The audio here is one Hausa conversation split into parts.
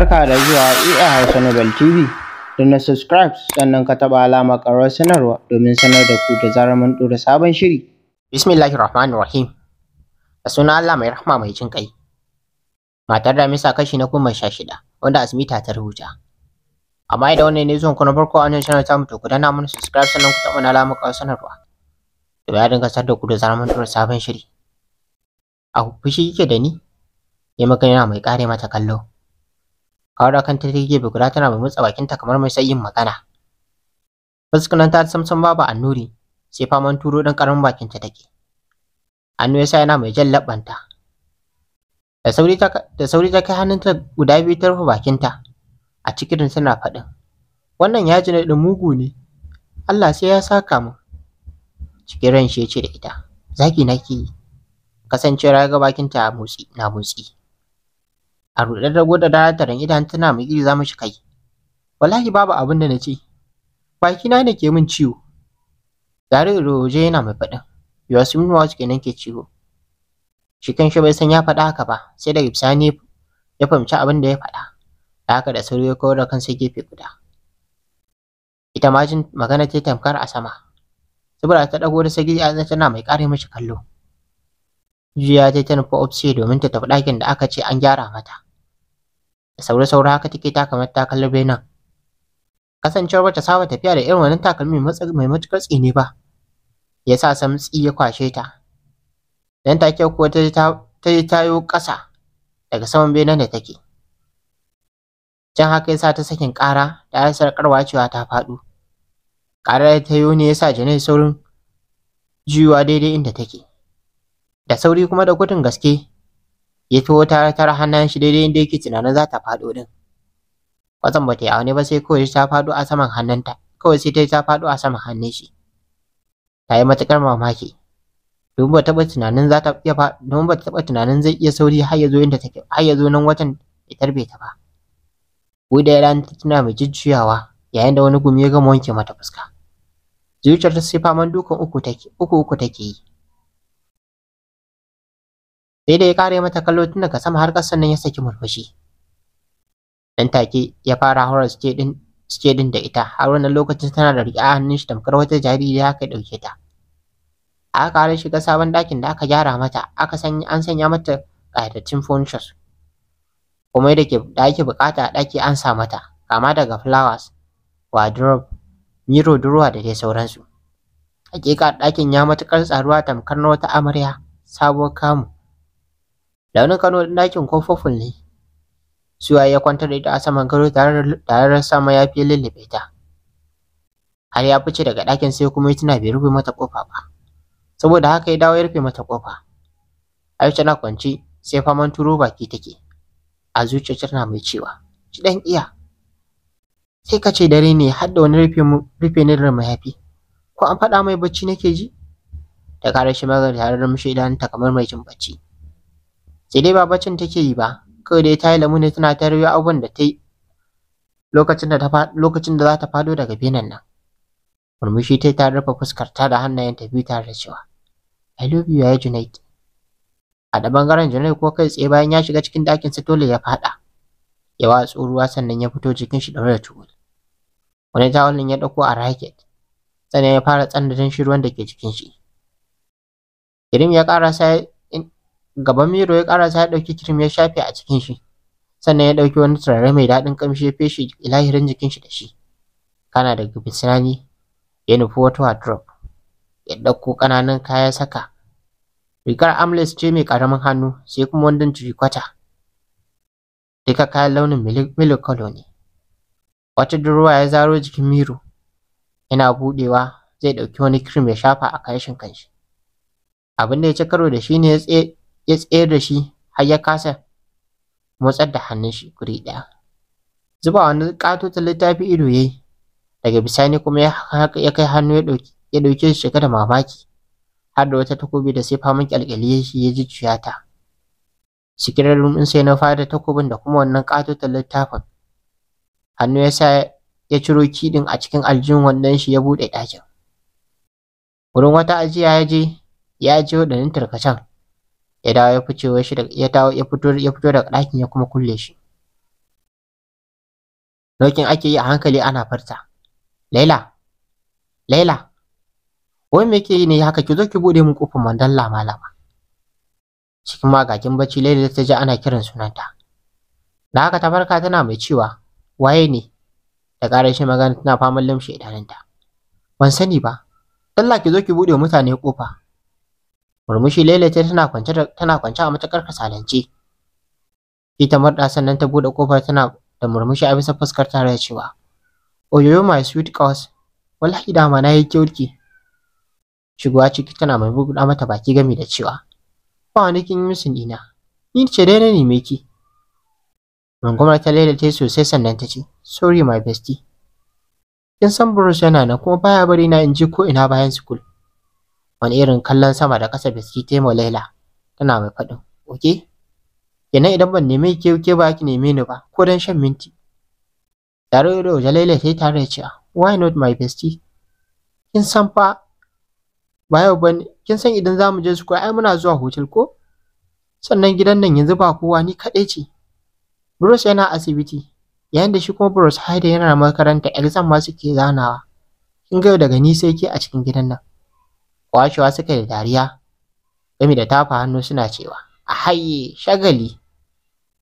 Barka da zuwa EA Hausa Nobel TV. Da na subscribe sannan ka taɓa alama karo sanarwa domin sanar da ku da zarar mun dora sabon shiri. Bismillahir Rahmanir Rahim. a suna Allah mai rahma mai jin ƙai. Matar da misa kashi na kuma sha shida wanda Asmita ta rubuta. Amma idan wannan ne zuwan ku na farko a wannan channel ta mutu ku dana mun subscribe sannan ku taɓa alamar karo sanarwa. Da ya dinga sanar da ku da zarar mun dora sabon shiri. A fushi yake da ni? Ya magana mai kare mata kallo. aura kan ta gefe guda tana mai mutsa bakinta kamar mai sayin magana. Fuskunan ta samsam babu annuri sai faman turo ɗan ƙaramin bakinta take. annu ya sa yana mai jan laɓanta. Da sauri ta kai hannunta guda biyu ta rufe bakinta a cikin tana faɗin. Wannan yaji na ɗin mugu ne. Allah sai ya saka mu. Cikin ran shi ya ce da ita. Zaki nake yi. kasancewa, ya ga bakinta na motsi a ruɗe ta gwada dataran idan tana mai mu shi kai wallahi babu abin da na ce bakina ne ke min ciwo jaririn roje yana mai faɗin yasmin wasu kenan ke ciwo shi kan shi bai san ya faɗa haka ba sai daga bisani ya fahimci abin da ya faɗa da haka da sauri ya kawar da kansa gefe guda ita ma jin magana ta tamkar a sama saboda ta ɗago da sagiri a tana mai ƙare mashi kallo jiya ta ta nufi ofisi domin ta tafi ɗakin da aka ce an gyara mata. Da saura-saura haka take ta kamar ta kalli nan. Kasancewar bata saba tafiya da irin wannan takalmi mai matuƙar tsini ba, ya sa samtsi ya kwashe ta. Dan take kuwa ta yi tayo ƙasa daga saman benen da take. Can haka ya sa ta sakin ƙara da ya sarƙarwa cewa ta faɗo. Ƙarar ta yi ne ya sa Janai saurin juyuwa daidai inda take. da sauri kuma da gudun gaske ya ciwo ta tara hannun shi daidai inda yake tunanin za ta faɗo din kwatsan ba ta yi aune ba sai kawai ta faɗo a saman hannunta kawai sai ta yi ta faɗo a saman hannun shi ta yi matuƙar mamaki domin ba taɓa tunanin za ta iya domin ba taɓa tunanin zai iya sauri har ya inda take har ya nan watan ya tarbe ta ba Buda ya tana mai jujjuyawa yayin da wani gumi ya gama wanke mata fuska zuciyar ta sai faman dukan uku take uku uku take yi sai da ya kare mata kallo tun daga sama har ƙasa nan ya saki murfushi nan take ya fara haura suke din din da ita har wannan lokacin tana da riƙe a hannun shi tamkar wata jaririya aka ɗauke ta aka kare shiga sabon ɗakin da aka gyara mata aka sanya an sanya mata ƙayatattun furnitures Kuma da ke da ake buƙata a ɗaki an sa mata kama daga flowers wardrobe miro durowa da dai sauransu hakika ɗakin ya matuƙar tsaruwa tamkar na wata amarya sabuwar kamu Launin kano ɗakin dakin ne. suwa ya kwantar da ita a saman gado tare da sama mayafi ya lullube ta. Har ya fice daga ɗakin sai kuma ya tuna bai rufe mata kofa ba. Saboda haka ya dawo ya rufe mata ƙofa. Aisha na kwance sai faman turo baki take. A zuciyarta tana mai cewa, ki ɗan iya. Sai ka ce dare ne har da wani rufe ni da mayafi. Ko an faɗa mai bacci nake ji? Da kare shi magana tare da idan ta kamar mai jin bacci. sai dai ba baccin take yi ba kawai dai ta yi lamuni tana ta rayu abubuwan da ta yi lokacin da lokacin da za ta fado daga benen nan murmushi ta ta rufe fuskarta da hannayen ta biyu tare da cewa I love you ya Junaid a da bangaren Junaid ko kai tsaye bayan ya shiga cikin dakin sa dole ya faɗa ya watsu ruwa sannan ya fito jikin shi ɗaure da tubul wani tawalin ya ɗauko a raket sannan ya fara tsandatin shi da ke jikin shi Kirim ya ƙarasa Gaban Miro ya sa ya ɗauki kirim ya shafe a cikin shi, sannan ya ɗauki wani turare mai daɗin kamshi ya feshe ilahirin jikin shi da shi. Kana daga bisani ya nufi wata wardrobe, ya ɗauko ƙananan kaya saka. Rigar amles ce mai karamin hannu sai kuma wandon kwata. Duka kayan launin milik kolo ne. Wata durowa ya zaro jikin Miro, yana buɗewa zai ɗauki wani kirim ya shafa a kashin kanshi. Abin da ya ci karo da shi ne ya tsaye ya tsayar da shi har ya kasa motsar da hannun shi guri ɗaya zuba wani ƙatotar littafi ido yayi daga bisani kuma ya kai hannu ya ɗauki ya ɗauke shi shiga da mamaki har da wata takobi da sai faman ya shi ya ji ciyata sikirar rumin sai na fara takobin da kuma wannan ta littafin hannu ya sa ya ciro kidin a cikin aljihun wannan shi ya buɗe ɗakin wurin wata ajiya ya je ya je waɗannan tarkacen ya dawo ya fice shi ya dawo ya fito ya fito daga ɗakin ya kuma kulle shi Lokin ake yi a hankali ana farta Laila Laila wai me yake yi ne haka ki zo ki bude min kofar mandalla malama cikin magakin bacci Laila ta ji ana kiran sunanta da haka ta farka tana mai cewa waye ne da ƙara shi magana tana faman lamshe idanunta ban sani ba Allah ki zo ki bude mutane kofa Murmushi Laila ce tana kwance tana kwance a matakar kasalance. Ita marda sannan ta buɗe ƙofar tana da murmushi a bisa fuskar tare da cewa, Oyoyo my sweet cause wallahi dama na yi kyauki. Shigowa ciki tana mai buɗa mata baki gami da cewa, Ba wani kin yi musu ɗina, ni ce dai ne me ki. Rungumar ta Laila sosai sannan ta ce, Sorry my bestie. Kin san Bruce yana nan kuma baya bari na in je ko ina bayan school. wani irin kallon sama da kasa biski ta ma laila tana mai faɗin oke kenan idan ban nemi ke ke ba ki neme ni ba ko dan shan minti tare da waje laila sai tare da cewa why not my bestie kin san fa ba yau kin san idan za mu je su ai muna zuwa hotel ko sannan gidan nan yanzu ba kowa ni kaɗai ce Bruce yana asibiti yayin da shi kuma Bruce haida yana makaranta exam ma suke zanawa kin ga daga ni sai ke a cikin gidan nan kwashewa suka da dariya gami da tafa hannu suna cewa a haye shagali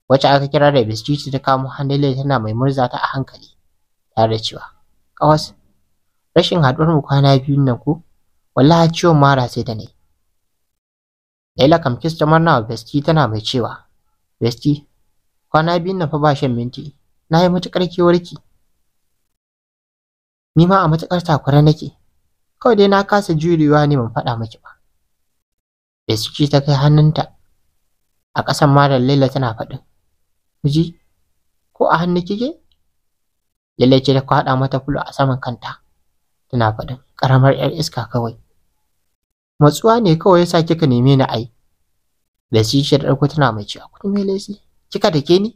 wacce aka kira da biskit ta kamo hannun tana mai murza ta a hankali tare da cewa kawas rashin haɗuwar mu kwana biyun nan ko wallahi ciwon mara sai da nai. Laila kam ta wa Besti tana mai cewa Besti kwana biyun nan fa ba shan minti na yi matuƙar kewarki ni ma a matuƙar takura nake kawai dai na kasa jurewa ne ban faɗa miki ba Besici ta kai hannunta a ƙasan marar Laila tana faɗin miji ko a hannu kike Laila ce ta kwaɗa mata fulo a saman kanta tana faɗin ƙaramar 'yar iska kawai matsuwa ne kawai yasa kika neme ni ai shi ta ɗauko tana mai cewa kuɗi mai laisi kika da ke ni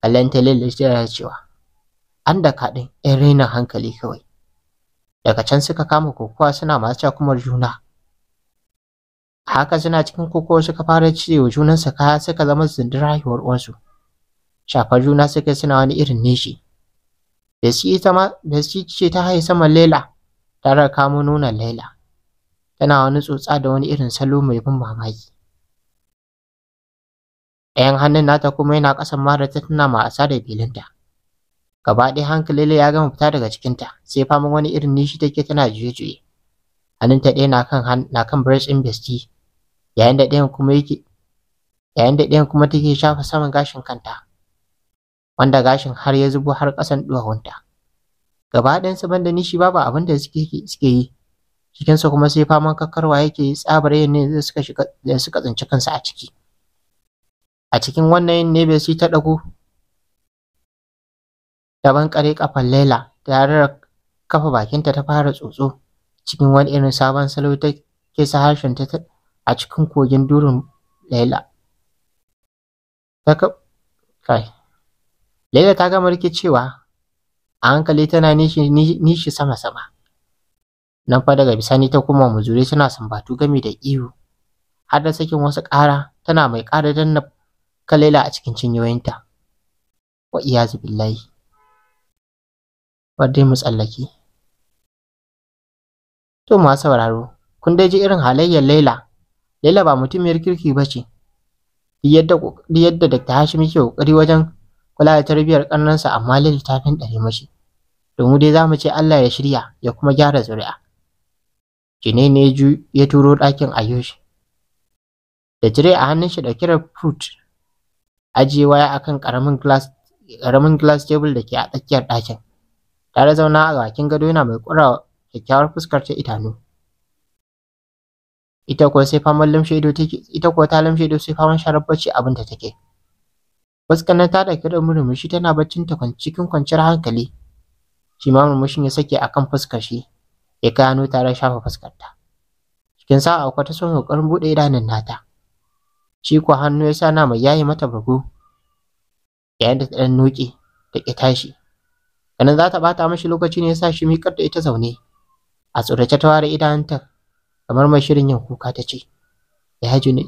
kallon ta Laila da cewa an da kaɗin 'yan rainin hankali kawai daga can suka kama kokowa suna masu cakumar juna haka suna cikin kokowa suka fara wa junansa kaya suka zama zindin rayuwar uwansu shafar juna suka suna wani irin nishi da shi ce ta haye sama laila tare da kamo nonon laila tana wani tsotsa da wani irin salo mai bin mamaki ɗayan hannun nata kuma yana ƙasan mara ta tana ma'asa da filinta gaba ɗaya hankali ya gama fita daga cikinta sai faman wani irin nishi take tana juye-juye hannunta ɗaya na kan na kan brush ɗin besti yayin da ɗayan kuma yake yayin da ɗayan kuma take shafa saman gashin kanta wanda gashin har ya zubo har ƙasan duwawunta gaba ɗayansu ban da nishi babu abin da suke suke yi cikinsa kuma sai faman kakkarwa yake tsabar yin ne suka shiga da suka tsinci kansu a ciki a cikin wannan yin ne bai ta ɗago ta bankare kafan Laila ta da kafa bakinta ta fara tsotso cikin wani irin sabon salo ta sa harshen ta a cikin kogin durin Laila. Kai. Laila ta gama rikicewa a hankali tana nishi, nishi sama-sama. Nan fa daga bisani ta koma muzure tana sambatu gami da iyo. Har da sakin wasu ƙara tana mai ƙara danna kalela a cikin cinyoyinta. Wa iyazu billahi. bar dai mu tsallake to ma sauraro kun dai ji irin halayyar Laila Laila ba mutumiyar kirki ba ce yadda da ta hashi muke kokari wajen kula da tarbiyar ƙannansa amma Laila ta fin dare mashi domin dai za mu ce Allah ya shirya ya kuma gyara zuri'a Jine ne ya turo ɗakin Ayush da jire a hannun shi da fruit ajiye waya akan karamin glass glass table da ke a tsakiyar ɗakin Tare zauna a bakin gado yana mai ƙura kyakkyawar fuskar ta idanu. Ita kuwa sai faman lamshe ido take, ita kuwa ta lamshe ido sai faman sharar bacci abin da take. Fuskar nan ta ɗauki da murmushi tana baccin ta cikin kwanciyar hankali. Shi ma murmushin ya sake akan fuskar shi, ya kai hannu tare shafa fuskar ta. Cikin sa'a akwai ta son ƙoƙarin buɗe idanun nata. Shi ko hannu ya sa na mai yayi mata bugu. yayin da ta ɗan noke ta ƙi tashi. ganin za ta bata mashi lokaci ne ya sa shi miƙar da ita zaune a tsorace ta ware idanunta kamar mai shirin yin kuka ta ce ya ne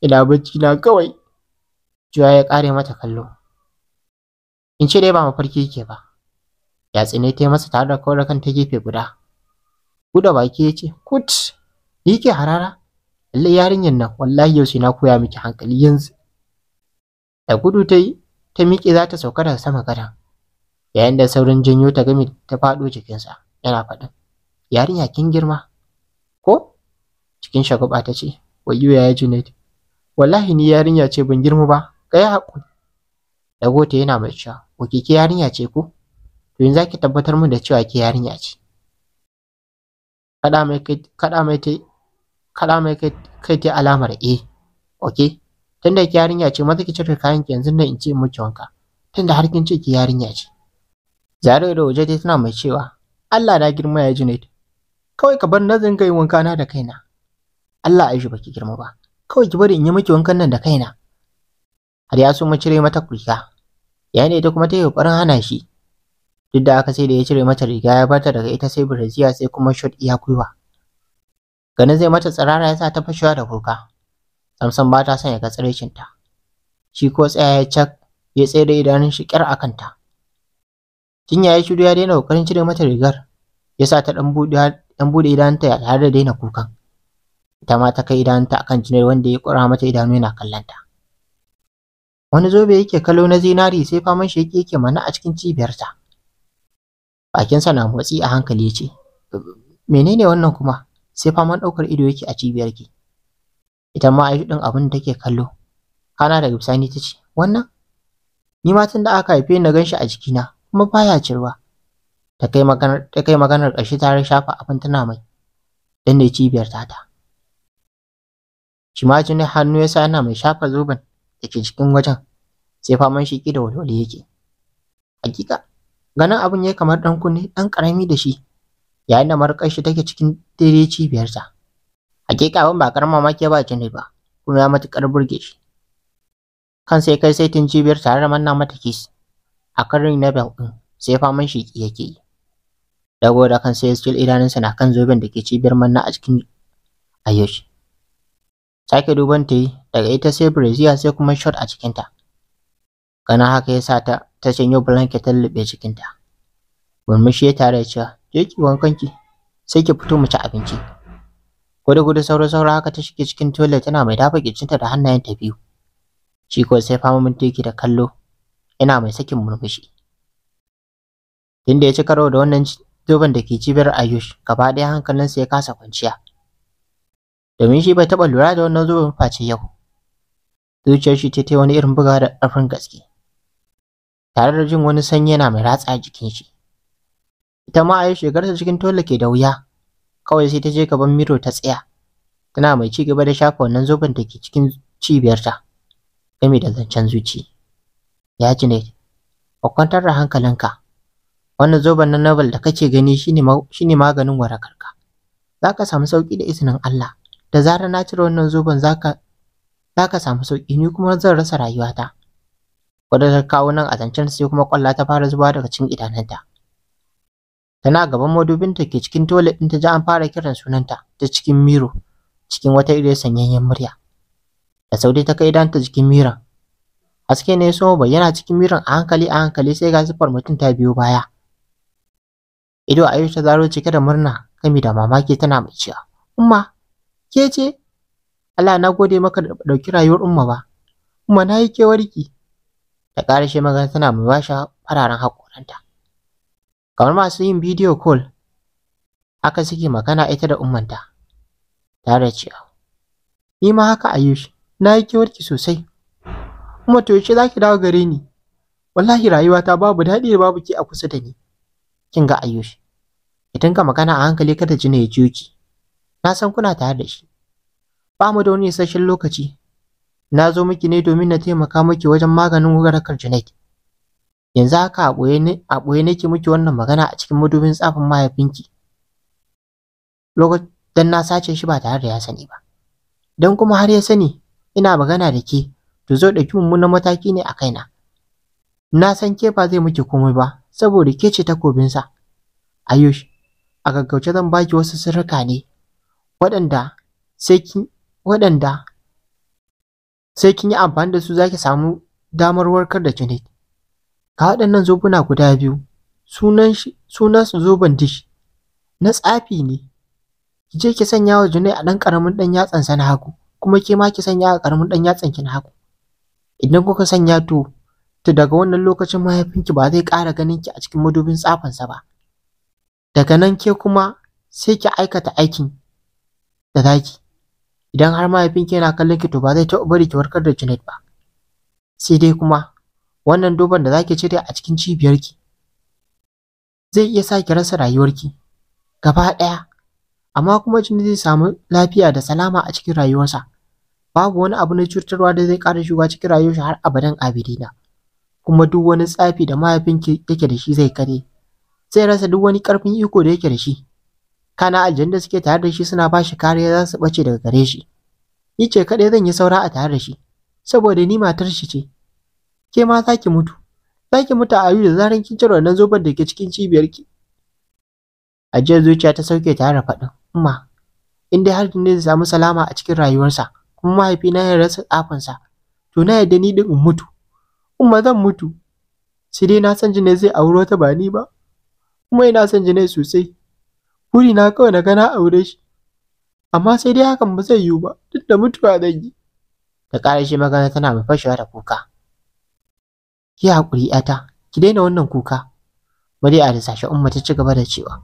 ina bacci na kawai juya ya kare mata kallo in ce dai ba mafarki yake ba ya tsine ta masa tare da kawar kan ta gefe guda buɗe baki ya ce kut ni ke harara lallai yarinyar nan wallahi yau sai na koya miki hankali yanzu da gudu ta yi ta miƙe za ta sauka daga sama gadan yayin da saurin janyo ta gami ta faɗo jikinsa yana faɗin yarinya kin girma ko cikin shagaba ta ce ya yaya junaid wallahi ni yarinya ce ban girma ba kai haƙuri dago ta yana mai cewa oke ke yarinya ce ko to yanzu zaki tabbatar min da cewa ke yarinya ce kada mai kai kada mai kai kada mai kai kai alamar eh okay tunda ki yarinya ce maza ki cire kayan ki yanzu nan in ce miki wanka tunda har kin ce ki yarinya ce Zare da waje dai tana mai cewa, Allah na girma ya ji Junaid, kawai ka bar na zanga yin wanka na da kaina. Allah Aisha baki girma ba, kawai ki bari in yi miki wankan nan da kaina. Har ya so mu cire mata kulka, Ya da ita kuma ta yi ƙoƙarin hana shi. Duk da haka sai da ya cire mata riga ya bata daga ita sai buraziya sai kuma shot iya kuiwa. Ganin zai mata tsirara ya sa ta fashewa da kuka. Samson ba ta son ya ga tsiraicinta. Shi ko tsaya ya cak ya tsere idanun shi ƙyar a kanta. Jinya ya shiru ya daina kokarin cire mata rigar, ya sa ta ɗan buɗe idanunta ya tare da daina kukan. Ita ma ta kai idanunta akan Junaid wanda ya ƙura mata idanu yana kallonta. Wani zobe yake kallo na zinari sai faman shi yake mana a cikin cibiyarta. Bakinsa na motsi a hankali ya ce, Menene wannan kuma? Sai faman ɗaukar ido yake a cibiyar ki. Ita ma Aishu ɗin abin da take kallo. Kana daga bisani ta ce, Wannan? Ni ma tun da aka haife na gan shi a jikina, kuma baya cirwa ta kai maganar ta kai maganar ƙarshe ta shafa abin tana mai danne cibiyar tata shi ma hannu ya sa yana mai shafa zoben da ke cikin wajen sai faman shiki da walwali yake hakika ganin abin ya kamar dan kunne dan karami da shi yayin da markashi shi take cikin daidai cibiyarta hakika abin ba karamar mamaki ba ne ba kuma ya matukar burge shi kan sai kai saitin cibiyar tare da manna mata kisi a karin Nobel ɗin sai faman shiki yake yi. Dago da kansa sai idanun idanunsa na kan zoben da ke cibiyar manna a cikin Ayosh. Sake duban ta yi daga ita sai biraziya sai kuma shot a cikinta. kana haka ya sa ta ta shanyo blanket ta lulluɓe cikinta. Murmushi ya tare cewa je ki wankanki sai ki fito mu ci abinci. Gudu gudu sauro sauro haka ta shige cikin toilet tana mai dafa gicinta da ta biyu. Shi ko sai fama mintoki da kallo ina mai sakin murmushi tunda ya ci karo da wannan zoben da ke cibiyar ayush gaba ɗaya hankalinsa ya kasa kwanciya domin shi bai taɓa lura da wannan zoben face yau zuciyar shi ta wani irin buga da ƙarfin gaske tare da jin wani sanyi yana mai ratsa jikin shi ita ma ayush shigarsa cikin tola ke da wuya kawai sai ta je gaban miro ta tsaya tana mai ci gaba da shafa wannan zoben da ke cikin cibiyarta game da zancen zuciya. ya ne ka kwantar da hankalinka wannan zoben na novel da kake gani shine maganin warakarka za ka samu sauƙi da izinin Allah da zarar na cire wannan zoben zaka ka samu sauki ni kuma zan rasa rayuwata Wadatar kawo nan a zancen sai kuma kwalla ta fara zuba daga cikin idanunta. Tana gaban madubin ta ke cikin toilet ɗin ta ji an fara kiran sunanta ta cikin miro cikin wata iriyar sanyayyen murya. Da sauri ta kai danta jikin miran haske ne ya so yana cikin mirin a hankali a hankali sai ga siffar mutum ta biyo baya ido a ta zaro cike da murna kami da mamaki tana mai cewa umma ke ce Allah na gode maka da ɗauki rayuwar umma ba umma na yi kewarki da ƙarashe magana tana mai bashi fararen haƙoranta kamar masu yin bidiyo call haka suke magana ita da ummanta tare da ni ma haka ayush na yi kewarki sosai kuma to yaushe zaki dawo gare ni wallahi rayuwata babu daɗi da babu ki a kusa da ni kin ga Ayyushi? idan ka magana a hankali kada jina ya jiyo ki na san kuna tare da shi ba mu da wani isasshen lokaci na zo miki ne domin na taimaka miki wajen maganin wurarakar Junaid yanzu haka a ɓoye nake miki wannan magana a cikin madubin tsafin mahaifinki lokacin na sace shi ba tare da ya sani ba don kuma har ya sani ina magana da ke to zo ɗauki mummunan mataki ne a kaina. Na san ke ba zai miki komai ba saboda ke ce takobinsa. Ayush, a gaggauce zan baki wasu sirrika ne waɗanda sai kin waɗanda sai kin yi amfani da su zaki samu damar warkar da Junaid. Ga waɗannan zobuna guda biyu sunan shi sunan su zoban dish na tsafi ne. Ki je ki sanya wa Junaid a ɗan ƙaramin ɗan yatsansa na hagu kuma ke ma ki sanya a ƙaramin ɗan yatsan ki na hagu. idan kuka sanya to to daga wannan lokacin mahaifinki ba zai ƙara ganin ki a cikin madubin tsafansa ba daga nan ke kuma sai ki aikata aikin da zaki idan har mahaifinki yana kallon ki to ba zai taɓa bari ki warkar da Junaid ba sai dai kuma wannan duban da zaki cire a cikin cibiyarki zai iya sa ki rasa rayuwarki gaba ɗaya amma kuma jini zai samu lafiya da salama a cikin rayuwarsa babu wani abu na cutarwa da zai ƙara shiga cikin rayuwar shi har abadan abidina kuma duk wani tsafi da mahaifinki yake da shi zai kare zai rasa duk wani ƙarfin iko da yake da shi kana aljanna da suke tare da shi suna ba shi kariya za su ɓace daga gare shi ni ce kaɗai zan yi saura a tare da shi saboda ni matar shi ce ke ma za ki mutu za ki mutu a ayu da zaran kin cire wannan zoben da ke cikin cibiyar ki ajiyar zuciya ta sauke tare da faɗin amma. in dai har ne samu salama a cikin rayuwarsa kuma mahaifina ya rasa tsafinsa to na yadda ni din in mutu ma zan mutu sai dai na san Jinai zai auri wata ba ni ba kuma ina san Jinai sosai buri na kawai na gana aure shi amma sai dai hakan ba zai yiwu ba duk da mutuwa zan yi Da ƙara shi magana tana mai fashewa da kuka ki haƙuri ƴata ki daina wannan kuka bari a da umma ta ci gaba da cewa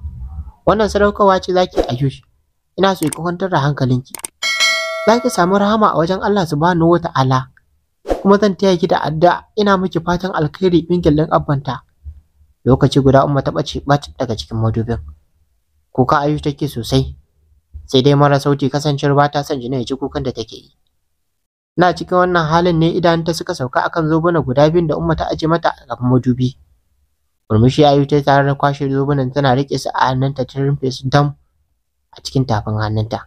wannan sadaukarwa ce zaki a yush ina so ki kwantar da hankalinki Zaki samu rahama a wajen Allah subhanahu wa ta'ala kuma zan taya ki da adda ina miki fatan alkhairi bingil din abbanta lokaci guda umma ta bace bat daga cikin madubin kuka ayu take sosai sai dai mara sauti kasancewar ba ta son jini ya ji kukan da take yi na cikin wannan halin ne idan ta suka sauka akan zobuna guda biyun da umma ta aje mata a gaban madubi murmushi ayu ta tare da kwashe zobunan tana rike su a hannunta ta rufe su dam a cikin tafin hannunta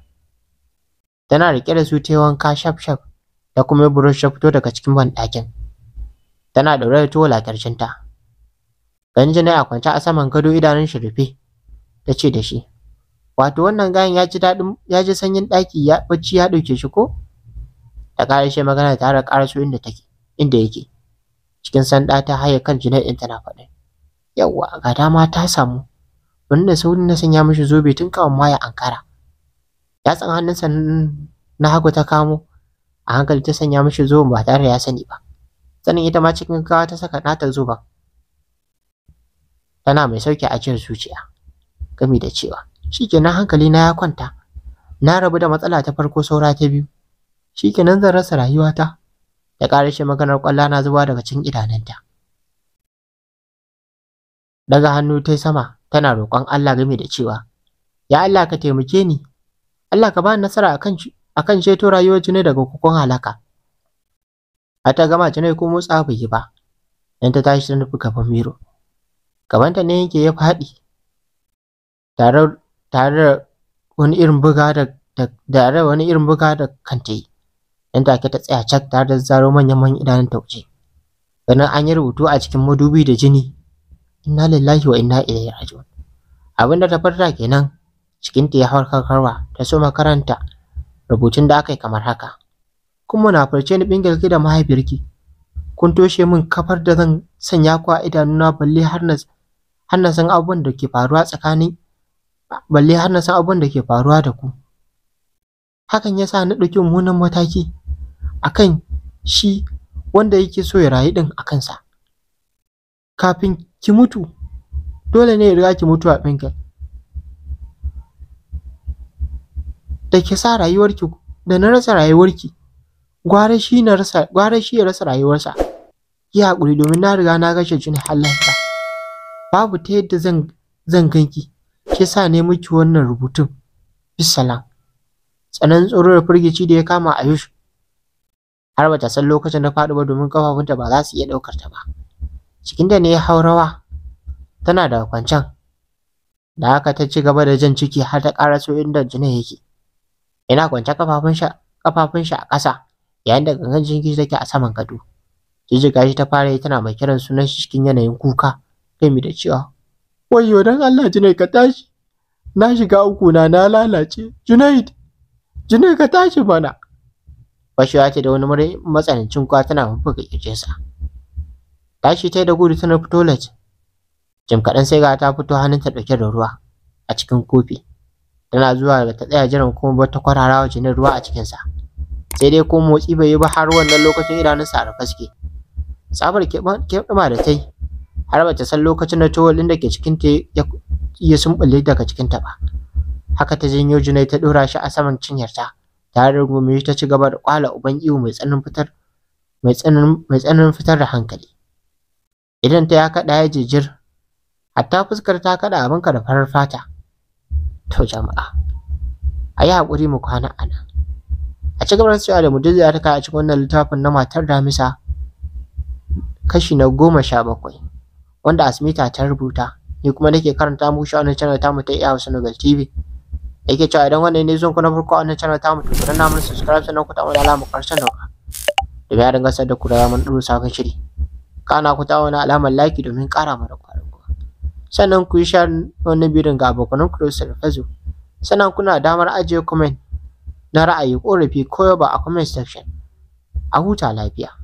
tana riƙe da su ta wanka shaf-shaf ta kuma yi burush ta fito daga cikin banɗakin. Tana ɗaure da tuwal a ƙirjinta. Ganjina ya kwance a saman gado idanun shi rufe, ta ce da shi, Wato wannan gayan ya ji daɗin ya ji sanyin ɗaki ya bacci ya ɗauke shi ko? Ta kare shi magana tare da ƙaraso inda take inda yake. Cikin sanda ta haye kan Junaid ɗin tana faɗin. Yawwa ga dama ta samu. Wani sauri saurin na sanya mishi zobe tun kawai ma ya ankara. yatsan hannunsa na hagu ta kamo a hankali ta sanya mishi zoben ba tare ya sani ba sanin ita ma cikin gawa ta saka nata zoba tana mai sauke a cikin zuciya gami da cewa shikenan hankali na ya kwanta na rabu da matsala ta farko saura ta biyu shikenan zan rasa rayuwata da ƙarashe maganar ƙwalla na zuba daga cikin idanunta daga hannu ta sama tana roƙon Allah game da cewa ya Allah ka taimake ni Allah ka ba ni nasara akan akan ceto rayuwar jini daga kokon halaka A ta gama jini ko motsa bai yi ba dan ta tashi ta nufi gaban Miro gabanta ne yake ya faɗi tare tare da wani irin buga da da wani irin buga da kanta dan take ta tsaya cak tare da zaro manyan manyan idanun ta wuce ganin an yi rubutu a cikin madubi da jini inna lillahi wa inna ilaihi raji'un abinda ta farta kenan cikinta ya harkarkarwa ta soma makaranta rubutun da aka yi kamar haka kun farce ni bingilki da mahaifiyarki kun toshe min kafar da zan sanya ku a idanuna balle har na har na san abubuwan da ke faruwa tsakanin balle har na san abubuwan da ke faruwa da ku hakan ya sa na ɗauki munan mataki akan shi wanda yake so ya rayu ɗin a kansa kafin ki mutu dole ne ya riga ki mutu a ɓinkin da ke sa rayuwarki da na rasa rayuwarki gwara shi na rasa gwara shi ya rasa rayuwarsa ki hakuri domin na riga na kashe jin halinka babu ta yadda zan zan ganki ke sa ne miki wannan rubutun bisalam tsanan tsoro da firgici da ya kama Ayush har bata san lokacin da faɗi ba domin kafafunta ba za su iya ɗaukar ta ba cikinta ne ya hau rawa tana da kwancan da haka ta ci gaba da jan ciki har ta ƙara sau inda jinin yake yana kwance kafafun shi kafafun shi a ƙasa yayin da gangan jikin take a saman gado jijjiga shi ta fara yi tana mai kiran sunan shi cikin yanayin kuka kai mi da cewa wayyo dan Allah Junaid ka tashi na shiga uku na na lalace Junaid Junaid ka tashi mana ya ce da wani matsanancin kuwa tana mafuka sa tashi ta da gudu tana fito lati jim kaɗan sai ga ta fito hannunta ɗauke da ruwa a cikin kofi tana zuwa da ta tsaya jiran kuma ta kwararawa jinin ruwa a cikinsa sai dai ko motsi bai yi ba har wannan lokacin idanunsa sa rufe suke tsabar keɓɗuma da ta yi har ta san lokacin na towel ɗin da ke cikinta ya sumɓulle daga cikin ta ba haka ta janyo junai ta ɗora shi a saman cinyarta tare da gumi ta ci gaba da kwala uban iwu mai tsananin fitar mai tsananin fitar da hankali idan ta ya kaɗa ya jijir hatta fuskar ta kaɗa abinka da farar fata to jama'a a yi haƙuri mu kwana a nan a ci gaba da cewa da ta kai a cikin wannan littafin na matar damisa kashi na goma sha bakwai wanda asmita ta rubuta ni kuma nake karanta muku shi wannan channel tamu ta iya wasu novel tv yake cewa idan wannan ne zuwan ku na farko a wannan channel tamu to ku danna mana subscribe sannan ku tamu da alamar karshen nauka da ya dinga sadda ku da mun ɗora sabon shiri kana ku tamu na alamar like domin ƙara mana sannan ku yi share wannan bidiyon ga ku da su da sannan kuna damar ajiye comment na ra'ayi ƙorafi ko yaba a comment section a huta lafiya